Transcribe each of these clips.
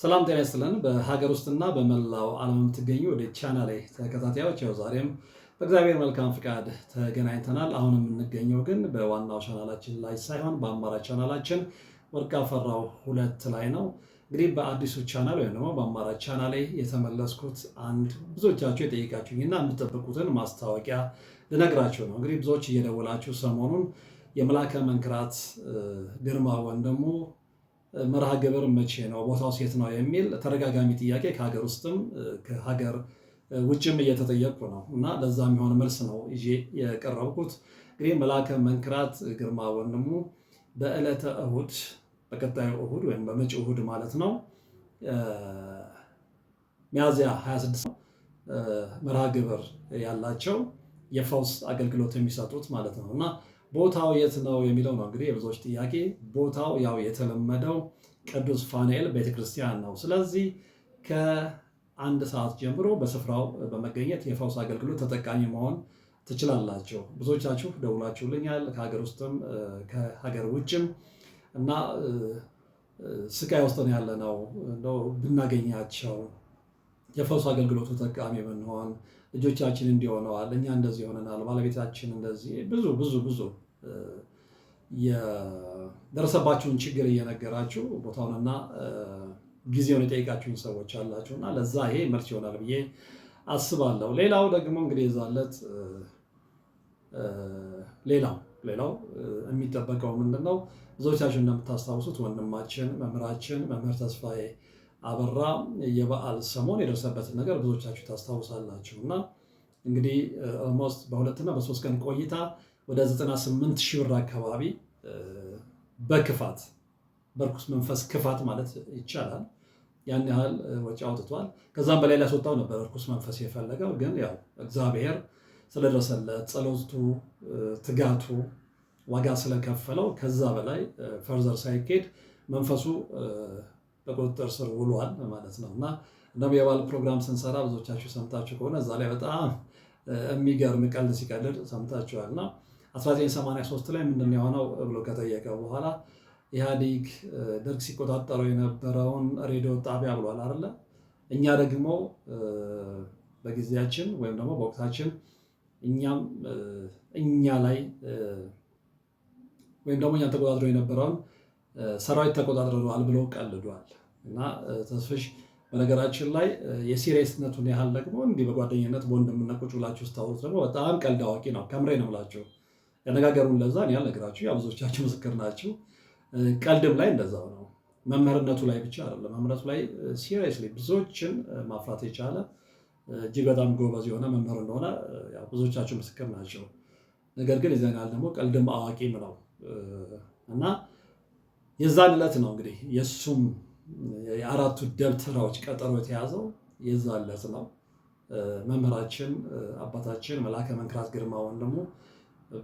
ሰላም ጤና ይስጥልን። በሀገር ውስጥና በመላው ዓለም የምትገኙ ወደ ቻናሌ ተከታታዮች ያው ዛሬም በእግዚአብሔር መልካም ፍቃድ ተገናኝተናል። አሁን የምንገኘው ግን በዋናው ቻናላችን ላይ ሳይሆን በአማራ ቻናላችን ወርቅ አፈራው ሁለት ላይ ነው። እንግዲህ በአዲሱ ቻናል ወይም ደግሞ በአማራ ቻናሌ የተመለስኩት አንድ ብዙዎቻችሁ የጠየቃችሁኝና የምትጠብቁትን ማስታወቂያ ልነግራችሁ ነው። እንግዲህ ብዙዎች እየደወላችሁ ሰሞኑን የመላከ መንክራት ግርማ ወይም መርሃ ግብር መቼ ነው? ቦታው ሴት ነው የሚል ተደጋጋሚ ጥያቄ ከሀገር ውስጥም ከሀገር ውጭም እየተጠየቁ ነው እና ለዛ የሚሆን መልስ ነው ይዤ የቀረብኩት። እንግዲህ መላከ መንክራት ግርማ ወንድሙ በዕለተ እሁድ በቀጣዩ እሁድ ወይም በመጪው እሁድ ማለት ነው ሚያዝያ 26 መርሃ ግብር ያላቸው የፈውስ አገልግሎት የሚሰጡት ማለት ነው እና ቦታው የት ነው የሚለው ነው እንግዲህ የብዙዎች ጥያቄ። ቦታው ያው የተለመደው ቅዱስ ፋኑኤል ቤተክርስቲያን ነው። ስለዚህ ከአንድ ሰዓት ጀምሮ በስፍራው በመገኘት የፈውስ አገልግሎት ተጠቃሚ መሆን ትችላላችሁ። ብዙዎቻችሁ ደውላችሁልኛል ከሀገር ውስጥም ከሀገር ውጭም እና ስቃይ ውስጥ ነው ያለ ነው ብናገኛቸው የፈውስ አገልግሎቱ ተጠቃሚ ብንሆን ልጆቻችን እንዲሆነዋል እኛ እንደዚህ ሆነናል፣ ባለቤታችን እንደዚህ ብዙ ብዙ ብዙ የደረሰባችሁን ችግር እየነገራችሁ ቦታውንና ጊዜውን የጠይቃችሁን ሰዎች አላችሁ እና ለዛ ይሄ መልስ ይሆናል ብዬ አስባለሁ። ሌላው ደግሞ እንግዲህ የዛለት ሌላው ሌላው የሚጠበቀው ምንድን ነው? ብዙዎቻችሁ እንደምታስታውሱት ወንድማችን መምህራችን መምህር ተስፋዬ አበራ የበዓል ሰሞን የደረሰበትን ነገር ብዙዎቻችሁ ታስታውሳላችሁ እና እንግዲህ ኦልሞስት በሁለትና በሶስት ቀን ቆይታ ወደ 98 ሺህ ብር አካባቢ በክፋት በርኩስ መንፈስ ክፋት ማለት ይቻላል ያን ያህል ወጪ አውጥቷል። ከዛም በላይ ሊያስወጣው ነበር እርኩስ መንፈስ የፈለገው። ግን ያው እግዚአብሔር ስለደረሰለት ጸሎቱ፣ ትጋቱ ዋጋ ስለከፈለው ከዛ በላይ ፈርዘር ሳይኬድ መንፈሱ በቁጥጥር ስር ውሏል ማለት ነው። እና እንደውም የባል ፕሮግራም ስንሰራ ብዙዎቻችሁ ሰምታችሁ ከሆነ እዛ ላይ በጣም የሚገርም ቀልድ ሲቀልድ ሰምታችኋል። እና 1983 ላይ ምንድን ነው የሆነው ብሎ ከጠየቀ በኋላ ኢህአዲግ ደርግ ሲቆጣጠረው የነበረውን ሬዲዮ ጣቢያ ብሏል አይደለ? እኛ ደግሞ በጊዜያችን ወይም ደግሞ በወቅታችን እኛም እኛ ላይ ወይም ደግሞ እኛ ተቆጣጥሮ የነበረውን ሰራዊት ተቆጣጥረዋል ብለው ቀልዷል። እና ተስፍሽ በነገራችን ላይ የሲሪየስነቱን ያህል ደግሞ እንዲህ በጓደኝነት በወንድምነት ቁጭ ብላችሁ ስታወሩት ደግሞ በጣም ቀልድ አዋቂ ነው። ከምሬ ነው የምላችሁ። ያነጋገሩን ለዛ እኔ አልነግራችሁ፣ ያው ብዙዎቻችሁ ምስክር ናችሁ። ቀልድም ላይ እንደዛው ነው። መምህርነቱ ላይ ብቻ አይደለም፣ መምህርነቱ ላይ ሲሪየስሊ ብዙዎችን ማፍራት የቻለ እጅግ በጣም ጎበዝ የሆነ መምህር እንደሆነ ብዙዎቻችሁ ምስክር ናቸው። ነገር ግን ይዘናል ደግሞ ቀልድም አዋቂም ነው እና የዛን ዕለት ነው እንግዲህ የእሱም የአራቱ ደብተራዎች ቀጠሮ የተያዘው የዛን ዕለት ነው። መምህራችን አባታችን መልአከ መንክራት ግርማ ወንድሙ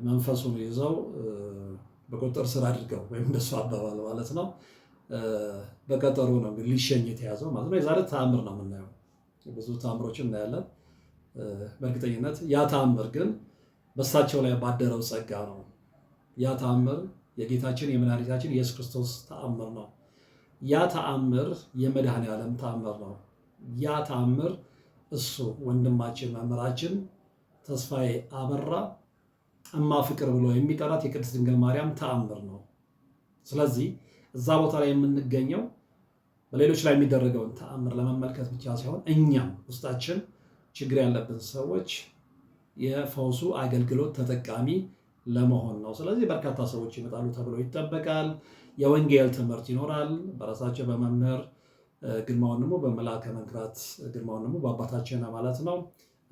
መንፈሱን ይዘው በቁጥጥር ስር አድርገው ወይም እንደሱ አባባል ማለት ነው በቀጠሮ ነው ሊሸኝ የተያዘው ማለት ነው። የዛሬ ተአምር ነው የምናየው፣ ብዙ ተአምሮችን እናያለን። በእርግጠኝነት ያ ተአምር ግን በእሳቸው ላይ ባደረው ጸጋ ነው ያ ተአምር የጌታችን የመድኃኒታችን ኢየሱስ ክርስቶስ ተአምር ነው። ያ ተአምር የመድኃኔ ዓለም ተአምር ነው። ያ ተአምር እሱ ወንድማችን መምህራችን ተስፋዬ አበራ እማ ፍቅር ብሎ የሚጠራት የቅድስት ድንግል ማርያም ተአምር ነው። ስለዚህ እዛ ቦታ ላይ የምንገኘው በሌሎች ላይ የሚደረገውን ተአምር ለመመልከት ብቻ ሳይሆን እኛም ውስጣችን ችግር ያለብን ሰዎች የፈውሱ አገልግሎት ተጠቃሚ ለመሆን ነው። ስለዚህ በርካታ ሰዎች ይመጣሉ ተብሎ ይጠበቃል። የወንጌል ትምህርት ይኖራል። በራሳቸው በመምህር ግርማውን ደግሞ በመልአከ መንክራት ግርማውን ደግሞ በአባታችን ማለት ነው።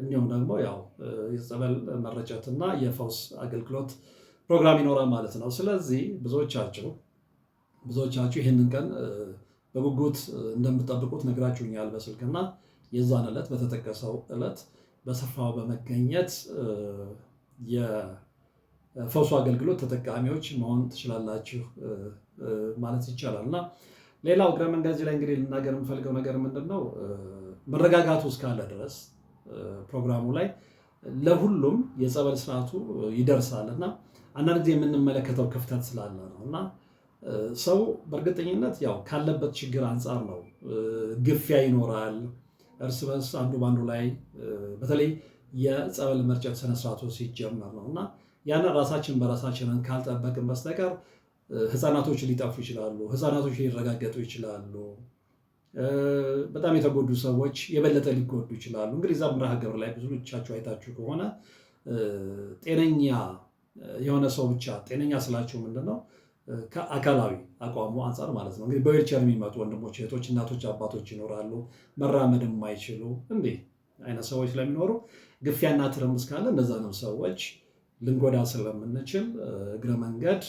እንዲሁም ደግሞ ያው የጸበል መረጨትና የፈውስ አገልግሎት ፕሮግራም ይኖራል ማለት ነው። ስለዚህ ብዙዎቻችሁ ብዙዎቻችሁ ይህንን ቀን በጉጉት እንደምትጠብቁት ነግራችሁኛል በስልክና የዛን ዕለት በተጠቀሰው ዕለት በስፍራው በመገኘት ፈውሱ አገልግሎት ተጠቃሚዎች መሆን ትችላላችሁ ማለት ይቻላል እና ሌላው እግረ መንገድ ላይ እንግዲህ ልናገር የምፈልገው ነገር ምንድን ነው? መረጋጋቱ እስካለ ድረስ ፕሮግራሙ ላይ ለሁሉም የጸበል ስርዓቱ ይደርሳል እና አንዳንድ ጊዜ የምንመለከተው ክፍተት ስላለ ነው እና ሰው በእርግጠኝነት ያው ካለበት ችግር አንጻር ነው። ግፊያ ይኖራል፣ እርስ በርስ አንዱ በአንዱ ላይ በተለይ የጸበል መርጨት ስነስርዓቱ ሲጀመር ነው እና ያንን ራሳችን በራሳችንን ካልጠበቅን በስተቀር ህፃናቶች ሊጠፉ ይችላሉ። ህፃናቶች ሊረጋገጡ ይችላሉ። በጣም የተጎዱ ሰዎች የበለጠ ሊጎዱ ይችላሉ። እንግዲህ እዛ መርሃ ግብር ላይ ብዙዎቻችሁ አይታችሁ ከሆነ ጤነኛ የሆነ ሰው ብቻ ጤነኛ ስላቸው ምንድን ነው ከአካላዊ አቋሙ አንጻር ማለት ነው። እንግዲህ በዊልቸር የሚመጡ ወንድሞች፣ እህቶች፣ እናቶች፣ አባቶች ይኖራሉ። መራመድ የማይችሉ እንዲህ አይነት ሰዎች ስለሚኖሩ ግፊያና ትርምስ ካለ እነዛንም ሰዎች ልንጎዳ ስለምንችል እግረ መንገድ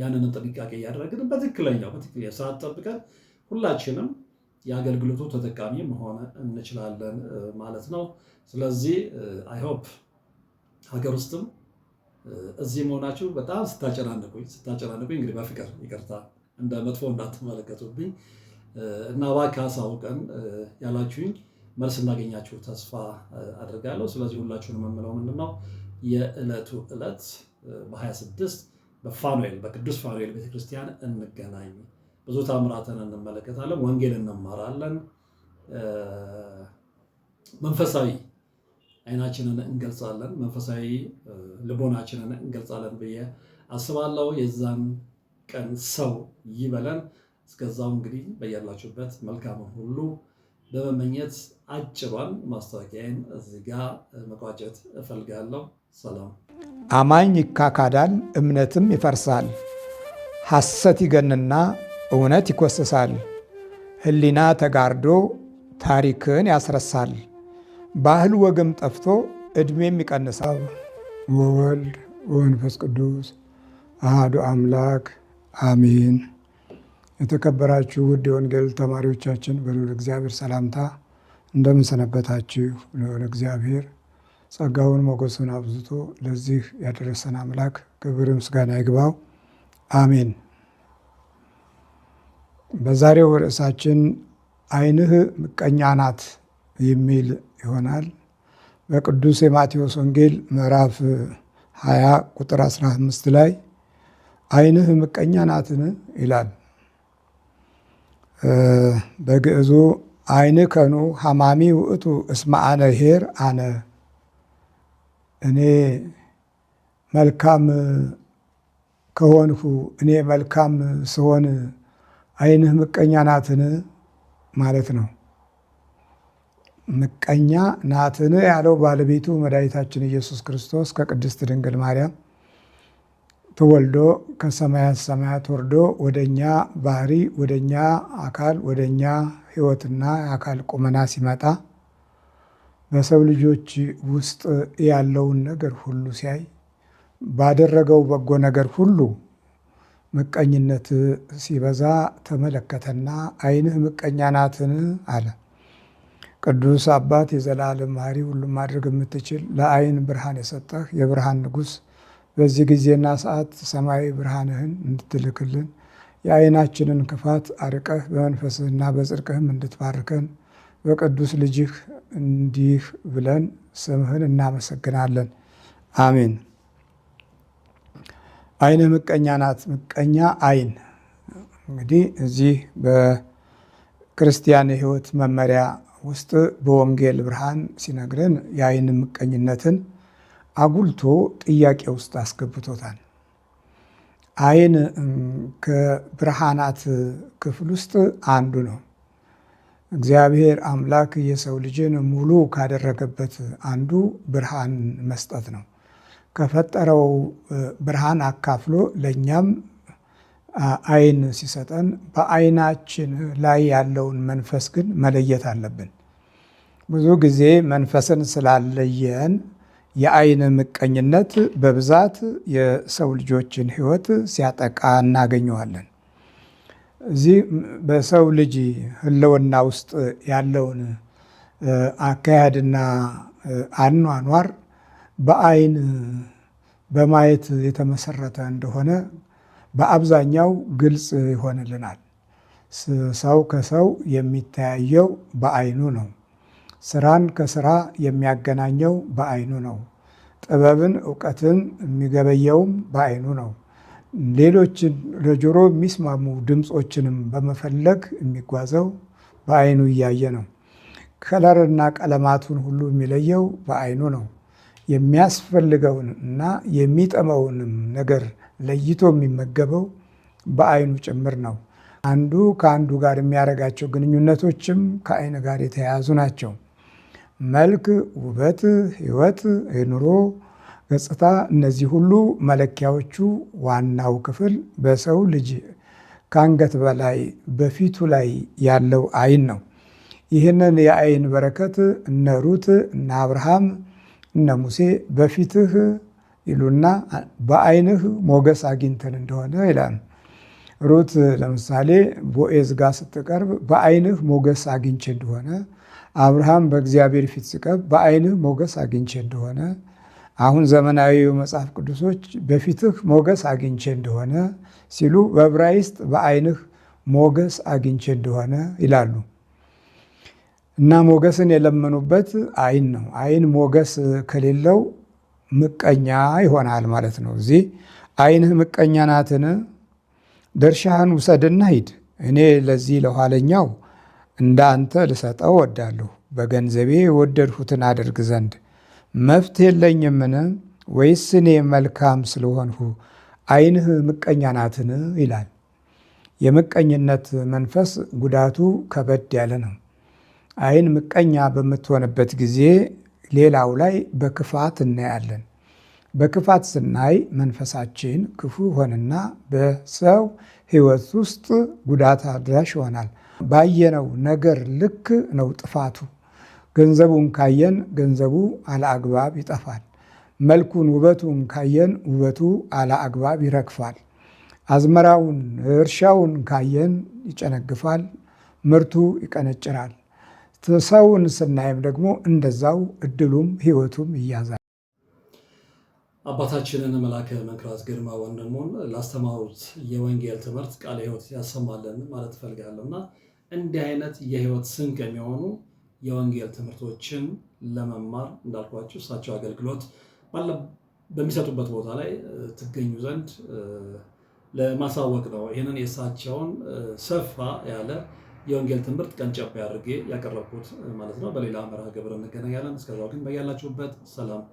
ያንንን ጥንቃቄ እያደረግን በትክክለኛው በትክክለኛ ስርዓት ጠብቀን ሁላችንም የአገልግሎቱ ተጠቃሚ መሆን እንችላለን ማለት ነው። ስለዚህ አይሆፕ ሀገር ውስጥም እዚህ መሆናችሁ በጣም ስታጨናንቁኝ ስታጨናንቁኝ እንግዲህ በፍቅር ይቅርታ እንደ መጥፎ እንዳትመለከቱብኝ እና እባክህ አሳውቀን ያላችሁኝ መልስ እንዳገኛችሁ ተስፋ አድርጋለሁ። ስለዚህ ሁላችሁንም የምለው ምንድን ነው የዕለቱ ዕለት በ26 በፋኑኤል በቅዱስ ፋኑኤል ቤተክርስቲያን እንገናኝ። ብዙ ታምራትን እንመለከታለን፣ ወንጌል እንማራለን፣ መንፈሳዊ አይናችንን እንገልጻለን፣ መንፈሳዊ ልቦናችንን እንገልጻለን ብዬ አስባለሁ። የዛን ቀን ሰው ይበለን። እስከዛው እንግዲህ በያላችሁበት መልካምን ሁሉ በመመኘት አጭሯን ማስታወቂያን እዚህ ጋ መቋጨት እፈልጋለሁ። ሰላም። አማኝ ይካካዳል፣ እምነትም ይፈርሳል። ሐሰት ይገንና እውነት ይኮስሳል። ሕሊና ተጋርዶ ታሪክን ያስረሳል። ባህል ወግም ጠፍቶ ዕድሜም ይቀንሳል። ወወልድ ወመንፈስ ቅዱስ አሃዱ አምላክ አሚን። የተከበራችሁ ውድ የወንጌል ተማሪዎቻችን በልዑል እግዚአብሔር ሰላምታ እንደምንሰነበታችሁ። ልዑል እግዚአብሔር ጸጋውን ሞገሱን አብዝቶ ለዚህ ያደረሰን አምላክ ክብር ምስጋና ይግባው፣ አሜን። በዛሬው ርዕሳችን ዓይንህ ምቀኛ ናት የሚል ይሆናል። በቅዱስ የማቴዎስ ወንጌል ምዕራፍ 20 ቁጥር 15 ላይ ዓይንህ ምቀኛ ናትን ይላል። በግዕዙ አይንከኑ ሃማሚ ውእቱ እስመ አነ ኄር አነ እኔ መልካም ከሆንሁ እኔ መልካም ስሆን አይንህ ምቀኛ ናትን ማለት ነው። ምቀኛ ናትን ያለው ባለቤቱ መድኃኒታችን ኢየሱስ ክርስቶስ ከቅድስት ድንግል ማርያም ተወልዶ ከሰማያት ሰማያት ወርዶ ወደ እኛ ባህሪ ወደ እኛ አካል ወደ እኛ አካል ቁመና ሲመጣ በሰው ልጆች ውስጥ ያለውን ነገር ሁሉ ሲያይ ባደረገው በጎ ነገር ሁሉ ምቀኝነት ሲበዛ ተመለከተና ዓይንህ ምቀኛ ናትን አለ። ቅዱስ አባት የዘላለም ባህሪ ሁሉም ማድረግ የምትችል ለዓይን ብርሃን የሰጠህ የብርሃን ንጉሥ በዚህ ጊዜና ሰዓት ሰማያዊ ብርሃንህን እንድትልክልን የዓይናችንን ክፋት አርቀህ በመንፈስህና በጽድቅህም እንድትባርከን በቅዱስ ልጅህ እንዲህ ብለን ስምህን እናመሰግናለን። አሜን። ዓይንህ ምቀኛ ናት። ምቀኛ ዓይን እንግዲህ እዚህ በክርስቲያን የህይወት መመሪያ ውስጥ በወንጌል ብርሃን ሲነግረን የዓይን ምቀኝነትን አጉልቶ ጥያቄ ውስጥ አስገብቶታል። አይን ከብርሃናት ክፍል ውስጥ አንዱ ነው። እግዚአብሔር አምላክ የሰው ልጅን ሙሉ ካደረገበት አንዱ ብርሃን መስጠት ነው። ከፈጠረው ብርሃን አካፍሎ ለእኛም አይን ሲሰጠን በአይናችን ላይ ያለውን መንፈስ ግን መለየት አለብን። ብዙ ጊዜ መንፈስን ስላለየን የአይን ምቀኝነት በብዛት የሰው ልጆችን ህይወት ሲያጠቃ እናገኘዋለን። እዚህ በሰው ልጅ ህልውና ውስጥ ያለውን አካሄድና አኗኗር በአይን በማየት የተመሰረተ እንደሆነ በአብዛኛው ግልጽ ይሆንልናል። ሰው ከሰው የሚተያየው በአይኑ ነው። ስራን ከስራ የሚያገናኘው በአይኑ ነው። ጥበብን እውቀትን የሚገበየውም በአይኑ ነው። ሌሎችን ለጆሮ የሚስማሙ ድምፆችንም በመፈለግ የሚጓዘው በአይኑ እያየ ነው። ከለርና ቀለማቱን ሁሉ የሚለየው በአይኑ ነው። የሚያስፈልገውን እና የሚጠመውንም ነገር ለይቶ የሚመገበው በአይኑ ጭምር ነው። አንዱ ከአንዱ ጋር የሚያደርጋቸው ግንኙነቶችም ከአይን ጋር የተያያዙ ናቸው። መልክ፣ ውበት፣ ህይወት፣ የኑሮ ገጽታ እነዚህ ሁሉ መለኪያዎቹ ዋናው ክፍል በሰው ልጅ ከአንገት በላይ በፊቱ ላይ ያለው አይን ነው። ይህንን የአይን በረከት እነ ሩት እነ አብርሃም እነ ሙሴ በፊትህ ይሉና በአይንህ ሞገስ አግኝተን እንደሆነ ይላል። ሩት ለምሳሌ ቦኤዝ ጋር ስትቀርብ በአይንህ ሞገስ አግኝቼ እንደሆነ አብርሃም በእግዚአብሔር ፊት ስቀብ በዓይንህ ሞገስ አግኝቼ እንደሆነ አሁን ዘመናዊ መጽሐፍ ቅዱሶች በፊትህ ሞገስ አግኝቼ እንደሆነ ሲሉ በዕብራይስጥ በዓይንህ ሞገስ አግኝቼ እንደሆነ ይላሉ እና ሞገስን የለመኑበት ዓይን ነው። ዓይን ሞገስ ከሌለው ምቀኛ ይሆናል ማለት ነው። እዚህ ዓይንህ ምቀኛ ናትን? ድርሻህን ውሰድና ሂድ። እኔ ለዚህ ለኋለኛው እንደ አንተ ልሰጠው ወዳለሁ፣ በገንዘቤ የወደድሁትን አደርግ ዘንድ መብት የለኝምን? ወይስ እኔ መልካም ስለሆንሁ ዓይንህ ምቀኛ ናትን? ይላል። የምቀኝነት መንፈስ ጉዳቱ ከበድ ያለ ነው። ዓይን ምቀኛ በምትሆንበት ጊዜ ሌላው ላይ በክፋት እናያለን። በክፋት ስናይ መንፈሳችን ክፉ ሆንና በሰው ሕይወት ውስጥ ጉዳት አድራሽ ይሆናል። ባየነው ነገር ልክ ነው ጥፋቱ። ገንዘቡን ካየን ገንዘቡ አለአግባብ ይጠፋል። መልኩን ውበቱን ካየን ውበቱ አለአግባብ ይረግፋል። አዝመራውን እርሻውን ካየን ይጨነግፋል፣ ምርቱ ይቀነጭራል። ሰውን ስናይም ደግሞ እንደዛው እድሉም ህይወቱም ይያዛል። አባታችንን መላከ መንክራት ግርማ ወንድሙን ላስተማሩት የወንጌል ትምህርት ቃለ ህይወት ያሰማለን ማለት እፈልጋለሁ እና እንዲህ አይነት የህይወት ስንቅ የሚሆኑ የወንጌል ትምህርቶችን ለመማር እንዳልኳቸው እሳቸው አገልግሎት በሚሰጡበት ቦታ ላይ ትገኙ ዘንድ ለማሳወቅ ነው። ይህንን የእሳቸውን ሰፋ ያለ የወንጌል ትምህርት ቀንጨብ አድርጌ ያቀረብኩት ማለት ነው። በሌላ መርሃ ግብር እንገናኛለን። እስከዛው ግን በያላችሁበት ሰላም